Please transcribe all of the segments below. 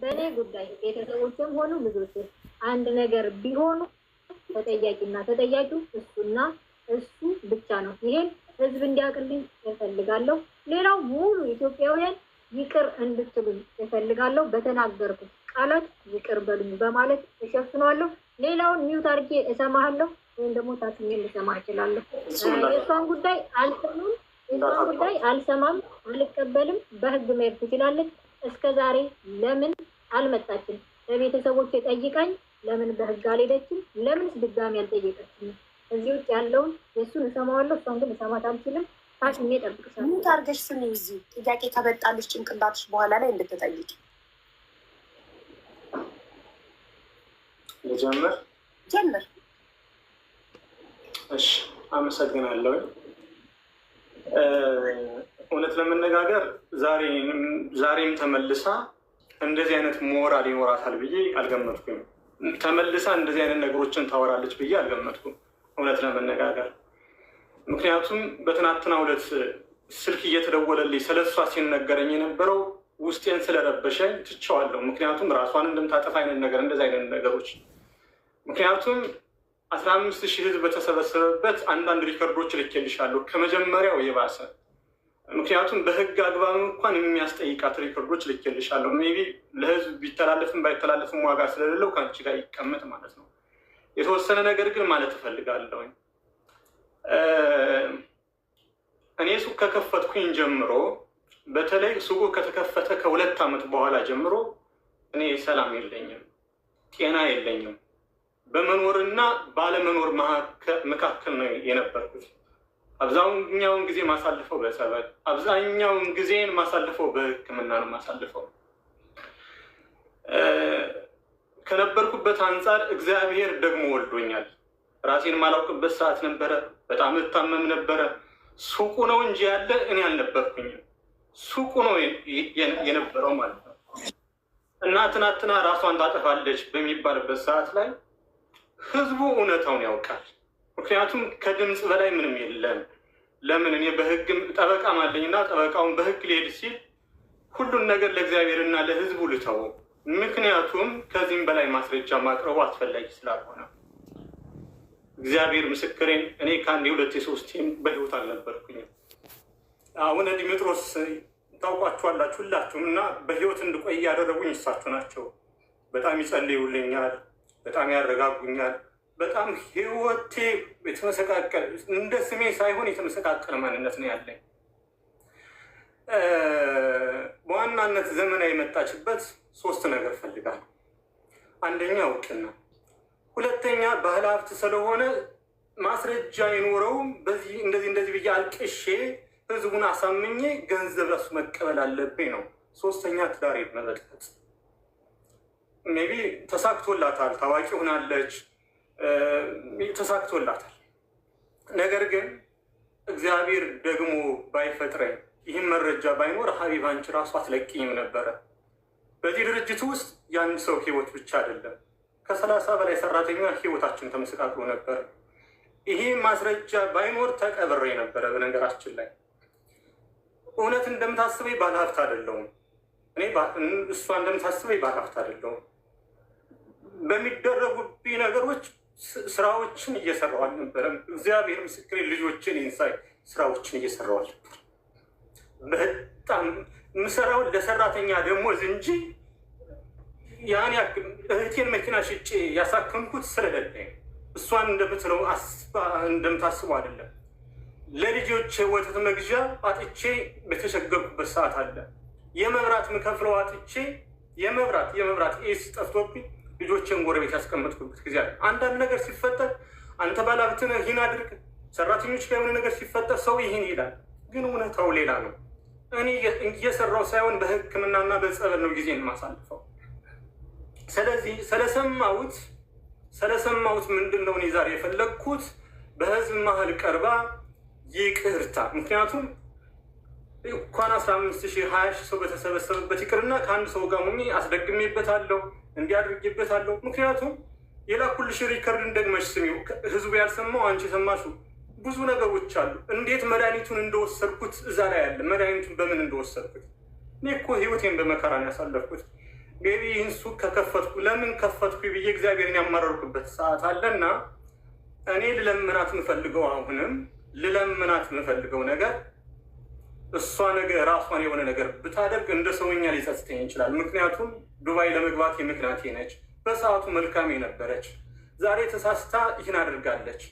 በእኔ ጉዳይ ቤተሰቦችም ሆኑ ልጆች አንድ ነገር ቢሆኑ ተጠያቂና ተጠያቂው እሱና እሱ ብቻ ነው። ይሄን ህዝብ እንዲያውቅልኝ እፈልጋለሁ። ሌላው ሙሉ ኢትዮጵያውያን ይቅር እንድትሉኝ እፈልጋለሁ። በተናገርኩት ቃላት ይቅር በሉኝ በማለት እሸፍኗለሁ። ሌላውን ሚውት አድርጌ እሰማሃለሁ ወይም ደግሞ ታትሜ ልሰማ እችላለሁ። የእሷን ጉዳይ አልሰማም፣ የእሷን ጉዳይ አልሰማም፣ አልቀበልም። በህግ መሄድ ትችላለች። እስከ ዛሬ ለምን አልመጣችም? ለቤተሰቦች የጠይቀኝ ለምን በህግ አልሄደችም? ለምንስ ድጋሚ አልጠየቀችም? እዚህ ውጭ ያለውን የእሱን እሰማዋለሁ፣ እሷን ግን እሰማት አልችልም። ታስሜ ጠብቅሻለሁ። ሙት ስሚ። እዚህ ጥያቄ ከበጣልሽ ጭንቅላትሽ በኋላ ላይ እንድትጠይቅ ልጀምር ጀምር። እሺ አመሰግናለሁ። እውነት ለመነጋገር ዛሬም ተመልሳ እንደዚህ አይነት ሞራል ይኖራታል ብዬ አልገመትኩም። ተመልሳ እንደዚህ አይነት ነገሮችን ታወራለች ብዬ አልገመትኩም፣ እውነት ለመነጋገር ምክንያቱም በትናትና ሁለት ስልክ እየተደወለልኝ ስለሷ ሲነገረኝ የነበረው ውስጤን ስለረበሸ ትቸዋለሁ። ምክንያቱም ራሷን እንደምታጠፋ አይነት ነገር እንደዚህ አይነት ነገሮች ምክንያቱም አስራ አምስት ሺህ ህዝብ በተሰበሰበበት አንዳንድ ሪከርዶች ልኬልሻለሁ ከመጀመሪያው የባሰ ምክንያቱም በህግ አግባብ እንኳን የሚያስጠይቃት ሪኮርዶች ልኬልሻለሁ። ሜይ ቢ ለህዝብ ቢተላለፍም ባይተላለፍም ዋጋ ስለሌለው ከአንቺ ጋር ይቀመጥ ማለት ነው። የተወሰነ ነገር ግን ማለት እፈልጋለሁ። እኔ ሱቅ ከከፈትኩኝ ጀምሮ በተለይ ሱቁ ከተከፈተ ከሁለት ዓመት በኋላ ጀምሮ እኔ ሰላም የለኝም፣ ጤና የለኝም። በመኖርና ባለመኖር መካከል ነው የነበርኩት። አብዛኛውን ጊዜ ማሳልፈው በሰበት አብዛኛውን ጊዜን ማሳልፈው በሕክምና ነው ማሳልፈው ከነበርኩበት አንጻር እግዚአብሔር ደግሞ ወልዶኛል። ራሴን ማላውቅበት ሰዓት ነበረ። በጣም እታመም ነበረ። ሱቁ ነው እንጂ ያለ እኔ አልነበርኩኝም። ሱቁ ነው የነበረው ማለት ነው። እና ራሷን ታጠፋለች በሚባልበት ሰዓት ላይ ህዝቡ እውነታውን ያውቃል። ምክንያቱም ከድምፅ በላይ ምንም የለም። ለምን እኔ በህግ ጠበቃም አለኝና ጠበቃውን በህግ ሊሄድ ሲል ሁሉን ነገር ለእግዚአብሔርና ለህዝቡ ልተው። ምክንያቱም ከዚህም በላይ ማስረጃ ማቅረቡ አስፈላጊ ስላልሆነ እግዚአብሔር ምስክሬን፣ እኔ ከአንድ የሁለት የሶስቴም በህይወት አልነበርኩኝም። አሁን ዲሜጥሮስ ታውቋችኋላችሁ ሁላችሁም እና በህይወት እንድቆይ ያደረጉኝ እሳችሁ ናቸው። በጣም ይጸልዩልኛል፣ በጣም ያረጋጉኛል። በጣም ህይወቴ የተመሰቃቀለ እንደ ስሜ ሳይሆን የተመሰቃቀለ ማንነት ነው ያለኝ። በዋናነት ዘመና የመጣችበት ሶስት ነገር ፈልጋል። አንደኛ እውቅና፣ ሁለተኛ ባህል ሀብት ስለሆነ ማስረጃ የኖረውም በዚህ እንደዚህ እንደዚህ ብዬ አልቅሼ ህዝቡን አሳምኜ ገንዘብ ራሱ መቀበል አለብኝ ነው። ሶስተኛ ትዳር መበጥበጥ ሜቢ ተሳክቶላታል፣ ታዋቂ ሆናለች ተሳክቶላታል። ነገር ግን እግዚአብሔር ደግሞ ባይፈጥረኝ ይህም መረጃ ባይኖር ሀቢባ አንቺ ራሱ አትለቅኝም ነበረ። በዚህ ድርጅት ውስጥ የአንድ ሰው ህይወት ብቻ አይደለም፣ ከሰላሳ በላይ ሰራተኛ ህይወታችን ተመሰቃቅሎ ነበር። ይሄ ማስረጃ ባይኖር ተቀብሬ ነበረ። በነገራችን ላይ እውነት እንደምታስበኝ ባለሀብት አይደለሁም እኔ እሷ እንደምታስበኝ ባለሀብት አይደለሁም። በሚደረጉብኝ ነገሮች ስራዎችን እየሰራው አልነበረም። እግዚአብሔር ምስክሬ ልጆችን ኢንሳይ ስራዎችን እየሰራው አልነበረ። በጣም ምሰራውን ለሰራተኛ ደሞዝ እንጂ ያን ያክል እህቴን መኪና ሽጬ ያሳከምኩት ስለሌለኝ እሷን እንደምትለው እንደምታስቡ አይደለም። ለልጆቼ ወተት መግዣ አጥቼ በተሸገብኩበት ሰዓት አለ። የመብራት ምከፍለው አጥቼ የመብራት የመብራት ኤስ ጠፍቶብኝ ልጆችን ጎረቤት ያስቀመጥኩበት ጊዜ አለ። አንዳንድ ነገር ሲፈጠር አንተ ባላብትን ይህን አድርግ፣ ሰራተኞች ከሆነ የሆነ ነገር ሲፈጠር ሰው ይህን ይላል። ግን እውነታው ሌላ ነው። እኔ እየሰራው ሳይሆን በሕክምናና በጸበል ነው ጊዜ የማሳልፈው። ስለዚህ ስለሰማሁት ስለሰማሁት ምንድን ነው እኔ ዛሬ የፈለግኩት በህዝብ መሀል ቀርባ ይቅርታ። ምክንያቱም እንኳን አስራ አምስት ሺህ ሀያ ሺህ ሰው በተሰበሰበበት ይቅርና ከአንድ ሰው ጋር ሙሚ አስደግሜበታለሁ። እንዲህ አድርጌበታለሁ። ምክንያቱም የላኩልሽ ሪከርድን ደግመሽ ስሚው፣ ህዝቡ ያልሰማው አንቺ የሰማሽው ብዙ ነገሮች አሉ። እንዴት መድኃኒቱን እንደወሰድኩት እዛ ላይ ያለ መድኃኒቱን በምን እንደወሰድኩት። እኔ እኮ ህይወቴን በመከራን ያሳለፍኩት። ቤቢ ይህን ሱቅ ከከፈትኩ ለምን ከፈትኩ ብዬ እግዚአብሔርን ያማረርኩበት ሰዓት አለና እኔ ልለምናት ምፈልገው አሁንም ልለምናት ምፈልገው ነገር እሷ ነገ ራሷን የሆነ ነገር ብታደርግ እንደ ሰውኛ ሊጸጽተኝ ይችላል። ምክንያቱም ዱባይ ለመግባት ምክንያቴ ነች። በሰዓቱ መልካም የነበረች ዛሬ ተሳስታ ይህን አድርጋለች።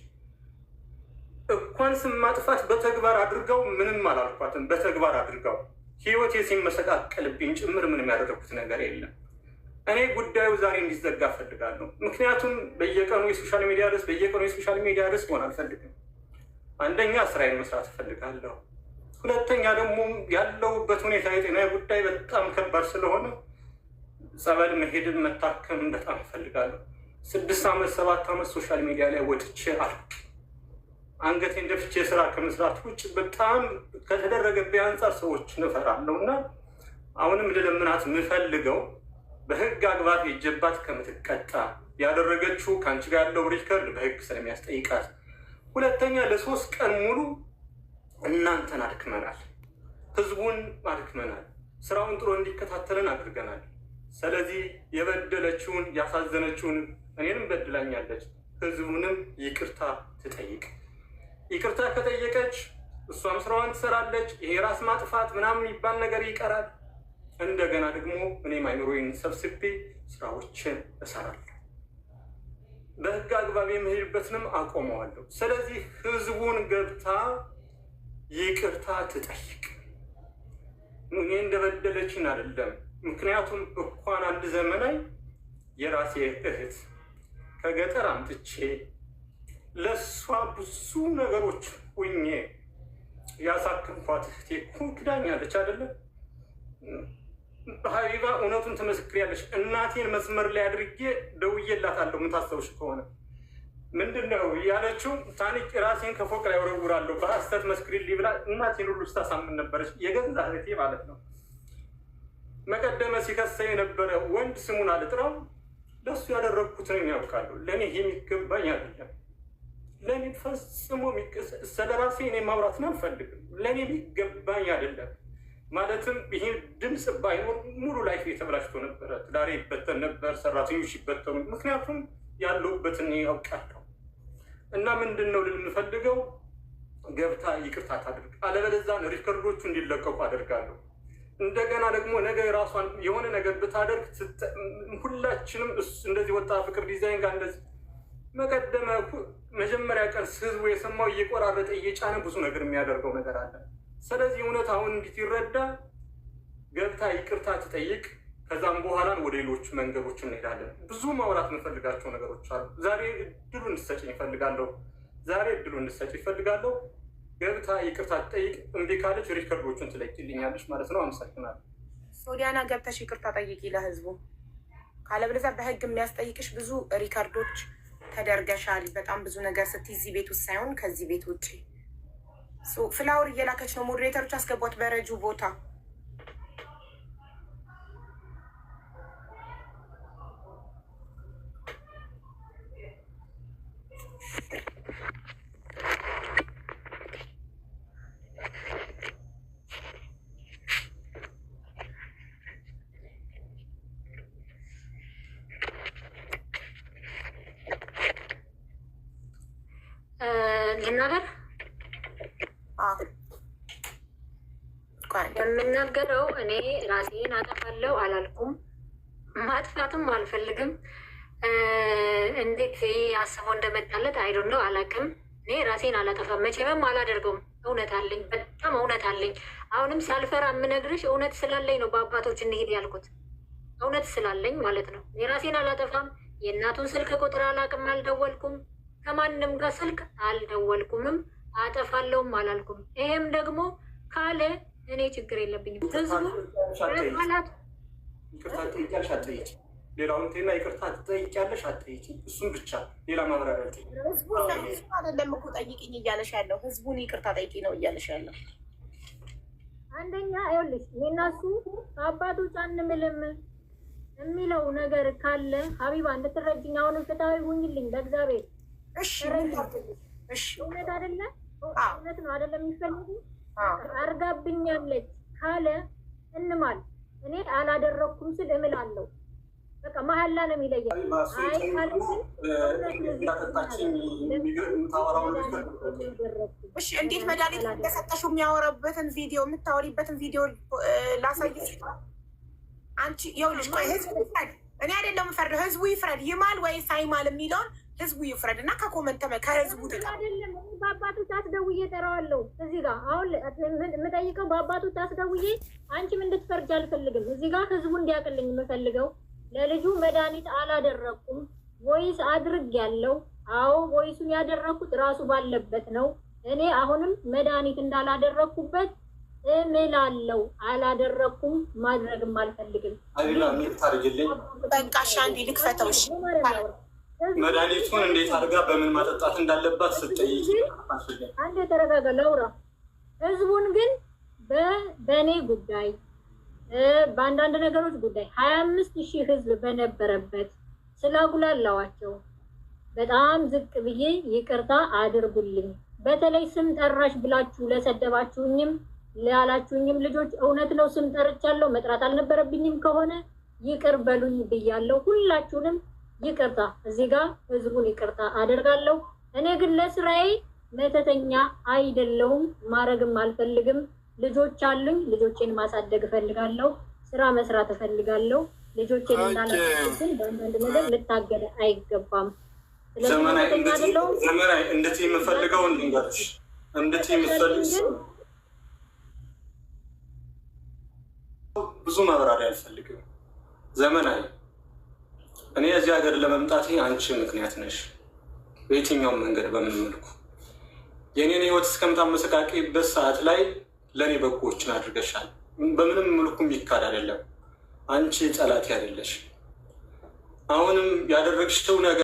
እኳን ስም ማጥፋት በተግባር አድርገው ምንም አላልኳትም። በተግባር አድርገው ህይወቴ ሲመሰቃቀልብኝ ጭምር ምንም ያደረኩት ነገር የለም። እኔ ጉዳዩ ዛሬ እንዲዘጋ እፈልጋለሁ። ምክንያቱም በየቀኑ የሶሻል ሚዲያ ርዕስ በየቀኑ የሶሻል ሚዲያ ርዕስ ሆን አልፈልግም። አንደኛ ስራዬን መስራት እፈልጋለሁ። ሁለተኛ ደግሞ ያለውበት ሁኔታ የጤና ጉዳይ በጣም ከባድ ስለሆነ ጸበል መሄድን መታከም በጣም እፈልጋለሁ። ስድስት ዓመት ሰባት ዓመት ሶሻል ሚዲያ ላይ ወጥቼ አልቅ አንገቴን ደፍቼ ስራ ከመስራት ውጭ በጣም ከተደረገብኝ አንጻር ሰዎች እፈራለሁ እና አሁንም ልለምናት የምፈልገው በህግ አግባብ የጀባት ከምትቀጣ ያደረገችው ከአንቺ ጋር ያለው ሪከርድ በህግ ስለሚያስጠይቃት፣ ሁለተኛ ለሶስት ቀን ሙሉ እናንተን አድክመናል፣ ህዝቡን አድክመናል፣ ስራውን ጥሮ እንዲከታተልን አድርገናል። ስለዚህ የበደለችውን ያሳዘነችውን እኔንም በድላኛለች፣ ህዝቡንም ይቅርታ ትጠይቅ። ይቅርታ ከጠየቀች እሷም ስራዋን ትሰራለች። ይሄ ራስ ማጥፋት ምናምን የሚባል ነገር ይቀራል። እንደገና ደግሞ እኔም አይምሮዬን ሰብስቤ ስራዎችን እሰራለሁ፣ በህግ አግባብ የምሄድበትንም አቆመዋለሁ። ስለዚህ ህዝቡን ገብታ ይቅርታ ትጠይቅ። እኔ እንደበደለችን አይደለም። ምክንያቱም እኳን አንድ ዘመናይ የራሴ እህት ከገጠር አምጥቼ ለእሷ ብዙ ነገሮች ሁኜ ያሳክምኳት እህቴ አለች አይደለም። ሀቢባ እውነቱን ያለች እናቴን መስመር ላይ አድርጌ ደውዬላታለሁ የምታስታውሽ ከሆነ ምንድን ነው እያለችው ታኒክ ራሴን ከፎቅ ላይ ወረውራለሁ በሀሰት መስክሪን ሊብላ እናቴን ሁሉ ስታሳምን ነበረች። የገዛ እህቴ ማለት ነው። መቀደመ ሲከሰኝ የነበረ ወንድ ስሙን አልጥራው ለሱ ያደረግኩትን ያውቃሉ። ለእኔ የሚገባኝ አይደለም። ለእኔ ፈጽሞ ስለ ራሴ እኔ ማውራትን አልፈልግም። ለእኔ የሚገባኝ አይደለም ማለትም ይህ ድምፅ ባይኖር ሙሉ ላይፍ የተበላሽቶ ነበረ። ትዳሬ ይበተን ነበር፣ ሰራተኞች ይበተኑ። ምክንያቱም ያለሁበትን ያውቃለሁ። እና ምንድን ነው ልል የምፈልገው ገብታ ይቅርታ ታድርግ፣ አለበለዛ ሪከርዶቹ እንዲለቀቁ አደርጋለሁ። እንደገና ደግሞ ነገ የራሷን የሆነ ነገር ብታደርግ ሁላችንም እንደዚህ ወጣ ፍቅር ዲዛይን ጋር እንደዚህ መቀደመ መጀመሪያ ቀን ህዝቡ የሰማው እየቆራረጠ እየጫነ ብዙ ነገር የሚያደርገው ነገር አለ። ስለዚህ እውነት አሁን እንዲትረዳ ገብታ ይቅርታ ትጠይቅ። ከዛም በኋላን ወደ ሌሎች መንገዶች እንሄዳለን። ብዙ ማውራት የምንፈልጋቸው ነገሮች አሉ። ዛሬ እድሉ እንድሰጭ ይፈልጋለሁ። ዛሬ እድሉ እንድሰጭ ይፈልጋለሁ። ገብታ ይቅርታ ጠይቅ። እምቢ ካለች ሪከርዶቹን ትለቅልኛለች ማለት ነው። አመሰግናለሁ። ሶዲያና ገብተሽ ይቅርታ ጠይቂ ለህዝቡ። ካለብለዛ በህግ የሚያስጠይቅሽ ብዙ ሪከርዶች ተደርገሻል። በጣም ብዙ ነገር ስትይ እዚህ ቤት ውስጥ ሳይሆን ከዚህ ቤት ውጭ ፍላወር እየላከች ነው። ሞዴሬተሮች አስገቧት በረጁ ቦታ ልናገር የምናገረው እኔ ራሴን አጠፋለሁ አላልኩም፣ ማጥፋትም አልፈልግም። እንዴት አስቦ እንደመጣለት አይዶ ነው አላውቅም። እኔ ራሴን አላጠፋም፣ መቼምም አላደርገውም። እውነት አለኝ፣ በጣም እውነት አለኝ። አሁንም ሳልፈራ የምነግርሽ እውነት ስላለኝ ነው በአባቶች እንሄድ ያልኩት፣ እውነት ስላለኝ ማለት ነው። እኔ ራሴን አላጠፋም። የእናቱን ስልክ ቁጥር አላውቅም፣ አልደወልኩም። ከማንም ጋር ስልክ አልደወልኩምም፣ አጠፋለሁም አላልኩም። ይሄም ደግሞ ካለ እኔ ችግር የለብኝም። ህዝቡ ሌላውን ቴና ይቅርታ ትጠይቂያለሽ አትጠይቂኝ፣ እሱን ብቻ ሌላ ማብራሪያ ጥ ህዝቡን አይደለም እኮ ጠይቅኝ እያለሽ ያለው ህዝቡን ይቅርታ ጠይቂ ነው እያለሽ ያለው። አንደኛ ይኸውልሽ የእናሱ አባቶች አንምልም የሚለው ነገር ካለ ሀቢባ እንድትረጅኝ አሁንም ፍትሐዊ ሁኝልኝ በእግዚአብሔር። እውነት አደለ እውነት ነው አደለ የሚፈልጉ አርጋብኛለች ካለ እንማል። እኔ አላደረግኩም ስል እምላለሁ በቃ መሀላ ነው የሚለየው። እሺ እንዴት መድኃኒት እንደሰጠሽው የሚያወራበትን ቪዲዮ የምታወሪበትን ቪዲዮ ላሳይ። አንቺ ይኸውልሽ፣ ቆይ ህዝቡ ይፍረድ፣ እኔ አይደለም ፈርደው፣ ህዝቡ ይፍረድ። ይማል ወይስ አይማል የሚለውን ህዝቡ ይፍረድ እና ከኮመንት ከህዝቡ አይደለም በአባቶች አስደውዬ እጠራዋለሁ። እዚህ ጋር አሁን የምጠይቀው አስደውዬ አንቺም እንድትፈርጅ አልፈልግም። እዚህ ጋር ህዝቡ እንዲያውቅልኝ የምፈልገው ለልጁ መድኃኒት አላደረኩም ቮይስ አድርግ ያለው አዎ፣ ቮይሱን ያደረኩት ራሱ ባለበት ነው። እኔ አሁንም መድኃኒት እንዳላደረኩበት እምላለው አላደረኩም፣ ማድረግም አልፈልግም። መድኃኒቱን እንዴት አድርጋ በምን ማጠጣት እንዳለባት ስጠይቅ፣ አንድ የተረጋገ ለውራ ህዝቡን ግን በእኔ ጉዳይ በአንዳንድ ነገሮች ጉዳይ ሀያ አምስት ሺህ ህዝብ በነበረበት ስላጉላላዋቸው በጣም ዝቅ ብዬ ይቅርታ አድርጉልኝ። በተለይ ስም ጠራሽ ብላችሁ ለሰደባችሁኝም ላላችሁኝም ልጆች እውነት ነው ስም ጠርቻለሁ። መጥራት አልነበረብኝም ከሆነ ይቅር በሉኝ ብያለሁ። ሁላችሁንም ይቅርታ እዚህ ጋር ህዝቡን ይቅርታ አደርጋለሁ። እኔ ግን ለስራዬ መተተኛ አይደለሁም፣ ማድረግም አልፈልግም። ልጆች አሉኝ። ልጆቼን ማሳደግ እፈልጋለሁ። ስራ መስራት እፈልጋለሁ። ልጆቼን እናነስን በአንዳንድ ነገር ልታገደ አይገባም። ዘመናዊ እንድት የምፈልገው እንድንገርሽ እንድት የምፈልግ ብዙ ማብራሪያ አልፈልግም። ዘመናዊ እኔ እዚህ ሀገር ለመምጣት አንቺ ምክንያት ነሽ። በየትኛውም መንገድ በምን መልኩ የእኔን ህይወት እስከምታመሰቃቂበት ሰዓት ላይ ለእኔ በጎዎችን አድርገሻል። በምንም መልኩ የሚካድ አይደለም። አንቺ ጠላት አይደለሽ። አሁንም ያደረግሽው ነገር